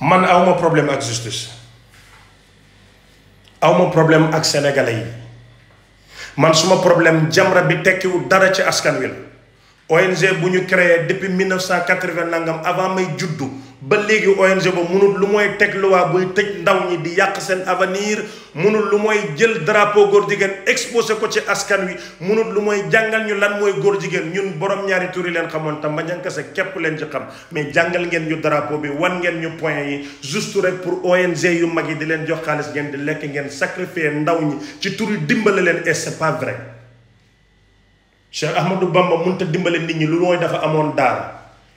man awma problème ak justice awma problème ak sénégalais yi man suma problème Jamra bi tekkiwul dara ci askan wi ONG bu ñu créé depuis 1980 nangam avant may juddu ba légui ONG ba munul lu moy tek loi bu tëj ndaw ñi di yak sen avenir munul lu moy jël drapeau gor jigéen exposer ko ci askan wi munul lu moy jangal ñu lan moy gor jigéen ñun borom ñaari tur xamone leen xamoon tam Madiankase kep leen ci xam mais jangal ngeen ñu drapeau bi wan ngeen ñu point yi juste rek pour ONG yu magi di leen jox xaalis ngeen di lek ngeen sacrifier ndaw ñi ci tur yi et c'est pas vrai. Cheikh Ahmadou Bamba mënut a dimbale nit ñi lu mooy dafa amoon daara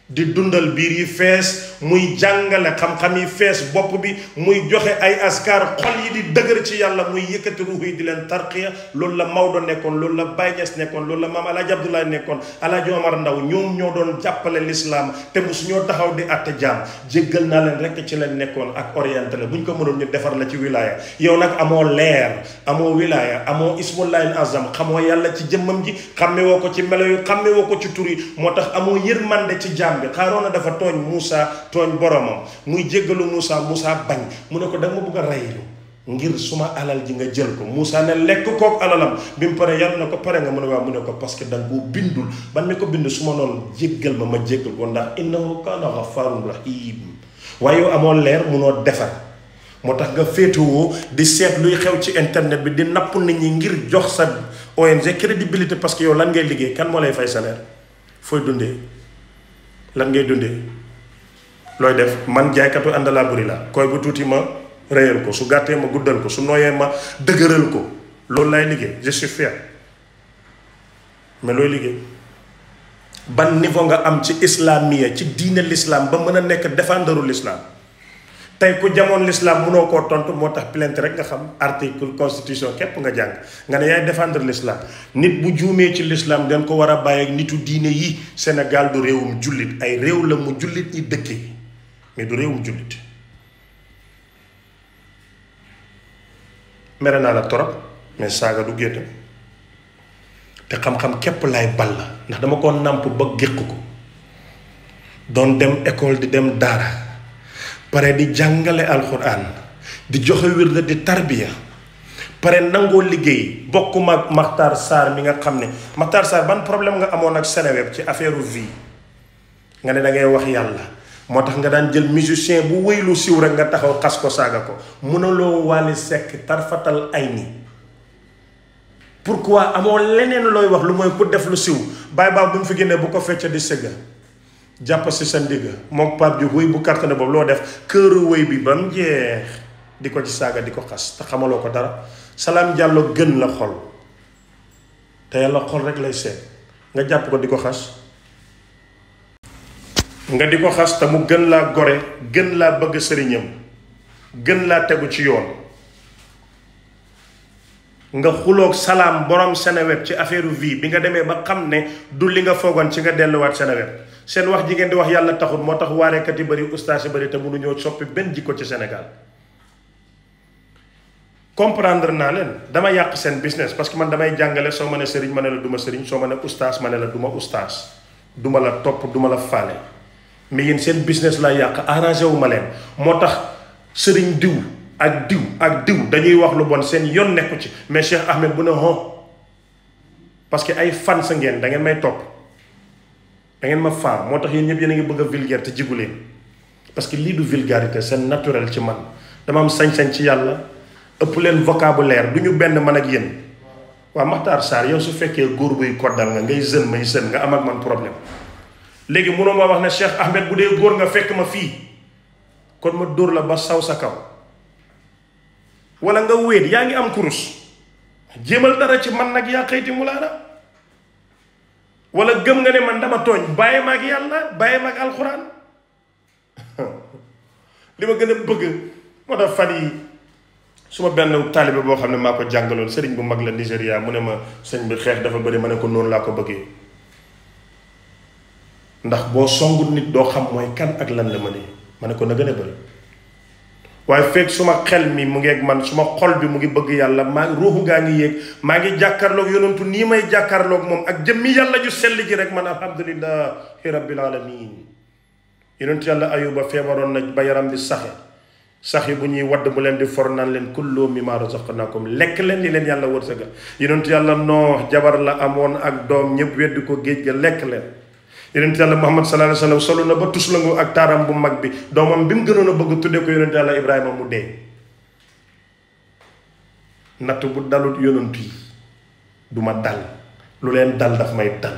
di dundal biir yi fees muy jàngale xam-xam yi fees bopp bi muy joxe ay askar xol yi di dëgër ci yàlla muy yëkkati ruux yi di leen tarqiya loolu la Maodo nekkoon loolu la Baye Niass nekkoon loolu la maam Alaaji Abdoulaye nekkoon Alaaji Omar Ndaw ñoom ñoo doon jàppale lislaam te mosu ñoo taxaw di àtte jaam jéggal naa leen rekk ci lañ nekkoon ak orienté la bu ñu ko mënoon ñu defar la ci wilaya yow nag amoo leer amoo wilaya amoo ismullahil azam xamoo yàlla ci jëmmam ji xammewoo ko ci melo yu xammewoo ko ci tur bi xarona dafa togn tuan togn boromam muy jéggalu Musa musa bañ mu ne ko dag ma bëgg ngir suma alal ji nga jël ko musa ne lekk kook alalam bi mu pare yàlla na ko pare nga mu ne waa mu ne ko parce que dag bindul ban mi ko bind suma Mama noonu jéggal ma ma jéggal ko ndax innahu ler gafaarun rahim waaye yow amoo leer munoo defar moo tax nga féetewoo di seet luy xew ci internet bi di napp nit ñi ngir jox sa ONG crédibilité parce que yow lan ngay liggéey kan moo lay fay salaire fooy dundee lan ngay dundee looy def man jaaykatu àndalaa buri la koy bu tuuti ma rëyal ko su gàttee ma guddal ko su nooyee ma dëgëral ko loolu laay liggéey je suis fier mais looy liggéey ban niveau nga am ci islamiya ci diine lislaam ba mën a nekk défendeuru l'islam tey ku jamoon l'islam mënoo koo tontu moo tax plainte rek nga xam article constitution képp nga jàng nga ne yaay défendre l'islam nit bu juumee ci l'islam den ko war a bàyyi nitu diine yi Sénégal du réewum jullit ay réew la mu jullit ñi dëkkee mais du réewum jullit mere naa la torop mais saaga du génn te xam-xam képp laay la ndax dama ko nàmp ba gékk ko doon dem école di dem daara pare di jàngale alxuraan di joxe la di tarbiya pare nangoo liggéey bokk mag Makhtar Sarr bi nga xam ne Makhtar Sarr ban problème nga amoon ak Seneweb ci affaire vie nga ne dangay ngay wax yàlla moo tax nga daan jël musicien bu wéy lu siw rek nga taxaw xas ko saaga ko mënaloo Wally Seck tarfatal ay ni pourquoi amoon leneen looy wax lu mooy ku def lu siw baay baa bu mu fi génnee bu ko fecc di sëgga jàpp si sa ndigg moom Pape Diouf wéy bu cartonné boobu loo def këru wéy bi ba mu jeex di ko ci saaga di ko xas te xamaloo ko dara salaan jàlloo gën la xol te yàlla xol rek lay seet nga jàpp ko di ko xas nga di ko xas te mu gën laa gore gën laa bëgg sëriñam gën laa tegu ci yoon nga xulok salam, borom senewet ci affaire vie bi nga demee ba xam du li nga fogon ci nga wat senewet sen wax ji ngeen di wax yalla taxut motax waré kat yi bari ustaas yi bari te mënu ñoo soppi ben jikko ci sénégal comprendre na len dama yaq sen business parce que man damay jangalé so mané sëriñ la duma sëriñ so mané ne mané la duma ustaas duma la top duma la falé mais yeen sen business la yaq arrangé wu malen motax diw ak diw ak diw dañuy wax lu bon seen yoon nekku ci mais cheikh ahmed bu ne ho parce que ay fan sa ngeen da ngeen may top da ngeen ma faa moo tax yéen ñëpp yéen a ngi bëgg a vulgaire te jigu leen parce que lii du vulgarité c'est naturel ci man dama am sañ-sañ ci yàlla ëpp leen vocabulaire du ñu benn man ak yéen waa maxtaar saar yow su fekkee góor buy koddal nga ngay jeune may jeune nga am ak man problème léegi mënoo ma wax ne cheikh ahmed bu dee góor nga fekk ma fii kon ma dóor la ba saw sa kaw wala nga wéet yaa ngi am kurus jéemal dara ci man nag yaa xëyti mulaana wala gëm nga ne man dama tooñ bàyyi ma ak yàlla bàyyi ma ak alxuraan li ma gën a bëgg moo tax fan yi su ma benn taalibe boo xam ne maa ko jàngaloon sëriñ bu mag la Nigéria mu ne ma sëñ bi xeex dafa bari ma ne ko noonu laa ko bëggee ndax boo songut nit doo xam mooy kan ak lan la ma ne ma ne ko na gën a bëri waaye fekk suma xel mi mu ngi man suma xol bi mu ngi bëgg yàlla maa ruuxu gaa ngi yéeg maa ngi jàkkaarloog yonantu nii may jàkkaarloog moom ak jëmmi yàlla ju sell ji rek man alhamdulilahi rabbil alamin yonantu yàlla ayuba feebaroon na ba yaram bi saxe sax yi bu ñuy wadd bu leen di for naan leen mi kullu mimma ko lekk leen li leen yàlla wërsëgal yonantu yàlla noox jabar la amoon ak doom ñëpp weddi ko géej ga lekk leen yonent muhammad sallallahu alaihi wasallam solo na ba lango ak taram bu mag bi domam bim mu gënoon a bëgg tuddee ko yonent yàlla ibrahim mu dee natt bu dalut yonent yi dal lu len dal daf may dal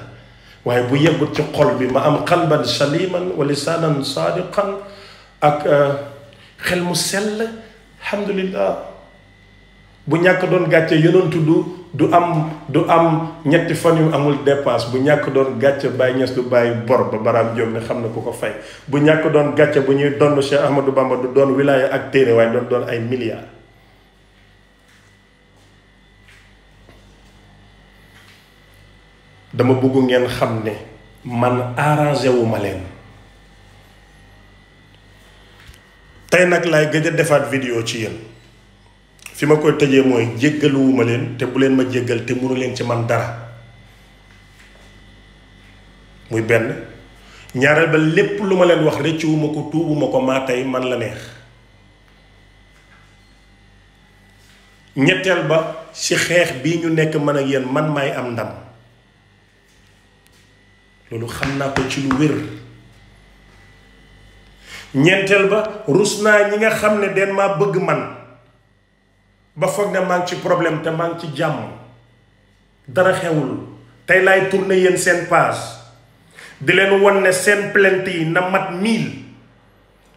waye bu yeggut ci xol bi ma am qalban saliman wa lisanan sadiqan ak euh, xel mu alhamdulillah bu ñak doon gatché du du am du am ñetti fan yu amul dépense bu ñàkk doon gàcce bàyyi ñes du bàyyi bor ba baraam jóg ne xam na ku ko fay bu ñàkk doon gàcce bu ñuy donn cheikh ahmadou bamba du doon wilaya ak téere waaye doon doon ay milliards dama bëgg ngeen xam ne man arrangé wu ma leen tey nag laay gëj a vidéo ci yéen fi ma koy tëjee mooy jéggaluwuma leen te bu leen ma jéggal te munu leen ci man dara muy benn ñaareel ba lépp lu ma leen wax rëccuwuma ko tuubuma ko maa tey man la neex ñetteel ba ci xeex bii ñu nekk man ak yéen man may am ndam loolu xam naa ko ci lu wér ba rus ñi nga xam den maa bëgg man ba foog ne maa ngi ci problème te maa ngi ci jàmm dara xewul tey laay tourner yéen seen page di leen wan ne seen plent yi na mat mille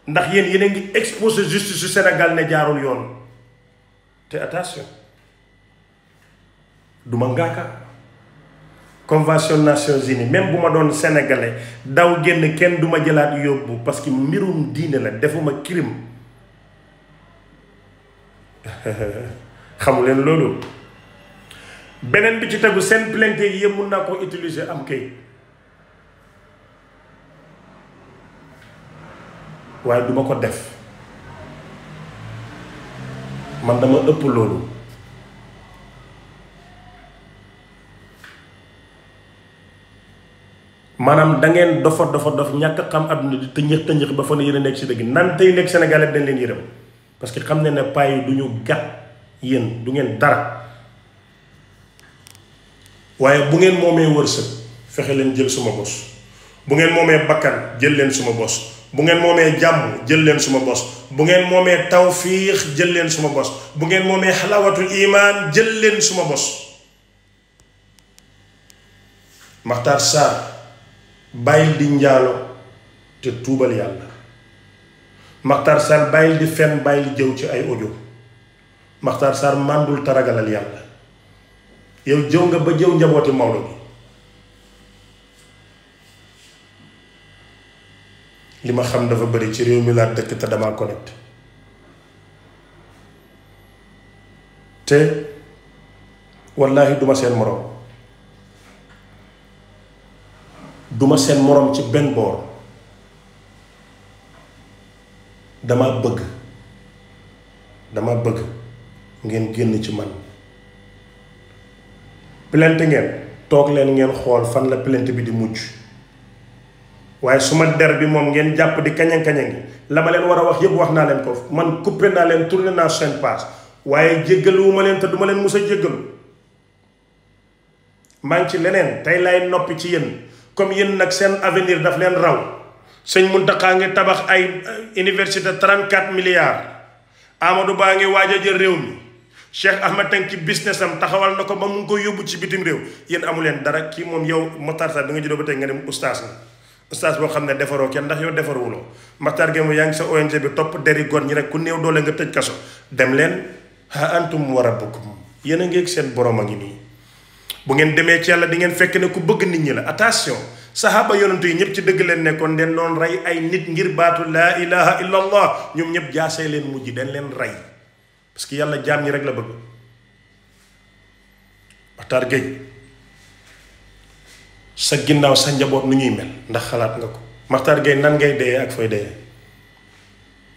ndax yéen yéen a ngi exposé justice su Sénégal ne jaarul yoon te attention duma ma ngaaka convention nations unies même bu ma doon sénégalais daw génn kenn du ma jëlaat yóbbu parce que mbirum diine la defuma crime xamu leen loolu beneen bi ci tegu seen plainte yi mun naa koo utiliser am kay waaye duma ko def man dama ëpp loolu maanaam da ngeen dofa dofa dof ñàkk xam àdduna di tëñëx tëñëx ba fa ne yéen nekk si dëgg nan tey nekk Sénégalais dañ leen yërëm parce que xam ne ne pay du ñu gàtt yéen du ngeen dara waaye bu ngeen moomee wërsëg fexe leen jël suma bos bu ngeen moomee bakkan jël leen suma bos bu ngeen moomee jàmm jël leen suma bos bu ngeen moomee tawfiix jël leen suma bos bu ngeen moomee xalawatul iman jël leen suma bos maxtaar saar bàyyil di njaalo te tuubal yàlla Maktar sar bayil di fen bayil jëw ci ay audio maktar sar Mandul taragalal yalla yow jëw nga ba jëw njabooti mawlo bi ma xam dafa bari ci réew mi la dëkk te dama connect te wallahi duma seen morom duma seen morom ci ben bor dama bëgg dama bëgg ngeen génn ci man plainte ngeen toog leen ngeen xool fan la plainte bi di mujj waaye suma der bi moom ngeen jàpp di kanyang kañang gi la ma leen war a wax yëpp wax naa leen ko man kupren naa leen tourné naa seen passe waaye jéggaluwuma leen te duma leen mus a jéggalu maa ngi ci leneen tey laay noppi ci yéen comme yéen nag seen avenir daf leen raw seigne muntaka ngi tabax ay eh, université 34 milliards Amadou Ba ngi waja jël réew mi Cheikh Ahmed Tank ci business am taxawal nako ba mu ngi ko yobbu ci bitim réew yeen amulen dara ki mom yow Matar sa bi nga juddoo ba nga dem oustaz nga ustaas boo xam ne ndax yow Matar sa ONG bi top deri gor ñi rek ku neew doole nga tejj kaso dem len ha antum wa rabbukum yeen nga ak seen borom ak ni bu ngeen demee ci yàlla di ngeen fekk ne ku bëgg nit ñi la attention sahaaba yonantu yi ñëpp ci dëgg leen nekkoon den doon rey ay nit ngir baatu laa ilaha illa ñoom ñëpp jaasee leen mujj den leen rey parce que yàlla jaam ñi rek la bëgg waxtaar géej sa ginnaaw sa njaboot nu ñuy mel ndax xalaat nga ko maxtaar gay nan ngay dee ak fooy dee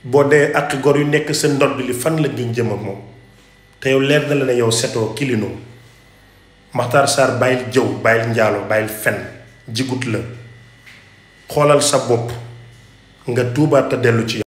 boo dee ak gor yu nekk sa ndodd li fan la giñ jëm ak moom te yow leer na la ne yow setoo kilinoo maxtaar saar bàyyil jëw bàyyil njaalo bàyyil fen jigut la xoolal sa bopp nga tuubaat te dellu ci